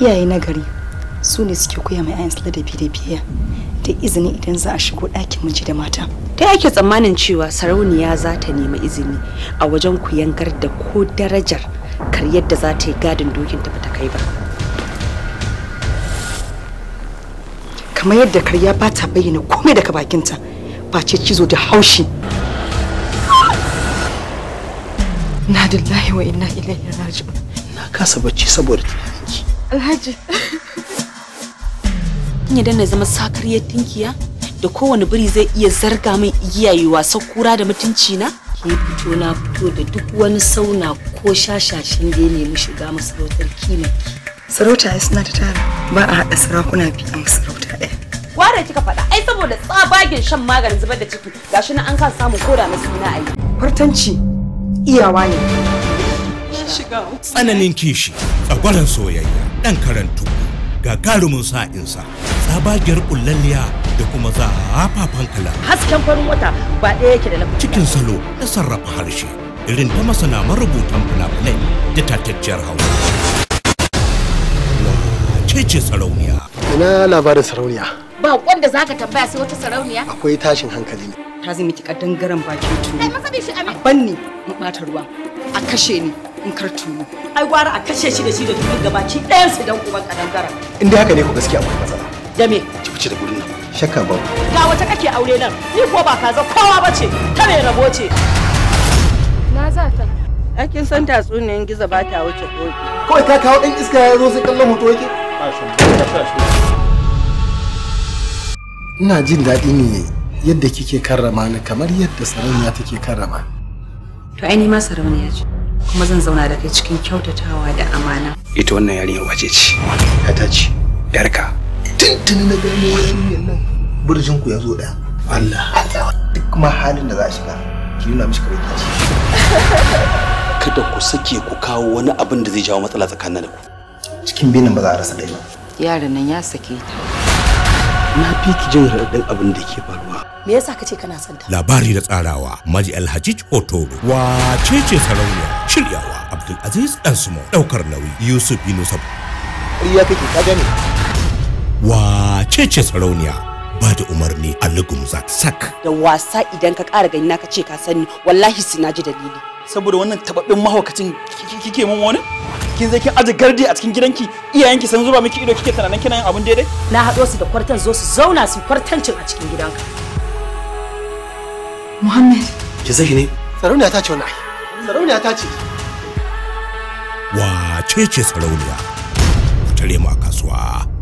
iyaye na gari su ne suke koya mai ayansu ladabi da biyayya da izini idan za a shigo ɗakin miji da mata ta ake tsammanin cewa sarauniya za ta nemi izini a wajen ku yankar da ko darajar kar yadda za ta yi gadin dokin ta bata kai ba kamar yadda karya ba ta bayyana komai daga bakinta face cizo da haushi na dillahi wa inna ilaihi raji'un na kasa bacci saboda tunaninki Alhaji. Kin yadda na zama sakariyar tinkiya da kowane biri zai iya zarga min igiyayi wasa kura da mutunci na? Ke fito na fito da duk wani sauna ko shashashin da ya nemi shiga masarautar kima. Sarauta ya suna ta tara ba a haɗa sarakuna biyu a masarauta ɗaya. Ware kika faɗa ai saboda tsabagen shan maganin zubar da ciki gashi na an kan samu koda na suna ayi. Fartanci iyawa ne. Tsananin kishi, tsagwaron soyayya, ɗan karantu, gagarumin sa'insa, tsabagiyar ƙullalliya da kuma hafafan kala. Hasken farin wata ba ɗaya yake da na Cikin salo na sarrafa harshe, irin ta masana marubutan fina-finai da tattacciyar hausa. Wace ce sarauniya? Ina labarin sarauniya. Ba wanda za ka tambaya sai wata sarauniya? Akwai tashin hankali ne. Ta zai miki ƙadangaren bakin tuni. a banne mu ɓata ruwa. A kashe ni. in kartu ai gwara a kashe shi da shi da dukkan gabaki ɗayan su dan uban kadangara in dai haka ne ku gaskiya akwai matsala da me ki fice da gurin shakka ba ga wata kake aure nan ni ko ba kaza kowa bace ta mai rabo ce na za ta Akin san tatsuniyan giza ba ta wuce koki. Kawai ka kawo dan iska ya zo sai kallon hoto yake? Ina jin daɗi ne yadda kike karrama ni kamar yadda sarauniya take karrama. To ai ni ma sarauniya ce. kuma zan zauna da kai cikin kyautatawa da amana ita wannan yarinya wace ce ta ce yarka tuntuni na gani yarinyar nan burjin ku ya zo da Allah duk ma halin da za a shiga ki nuna mishi kare kici kada ku sake ku kawo wani abin da zai jawo matsala tsakanin da ku cikin binin ba za a rasa dai ba Yaran nan ya sake ta na fi ki jin raɗaɗin abin da ke faruwa me yasa kace kana santa? labari da tsarawa maji alhaji hoto. wace ce sarauniya shiryawa abdulaziz ɗansumo ɗaukar nauyi yusuf yunusab ya kake ka gane wace ce sarauniya ba da umarni a lugumza sak da wasa idan ka ƙara gani na ka ce ka sani wallahi sina ji dalili saboda wannan tababbin mahaukacin kike mun wani kin zai kin aje gardi a cikin gidanki iyayenki san zuba miki ido kike tunanin kina yin abin daidai na hado su da kwartan zo su zauna su kwartancin a cikin gidanka Muhammad ki zai ne sarauniya ta ce wannan sarauniya ta ce wace ce sarauniya ku tare mu a kasuwa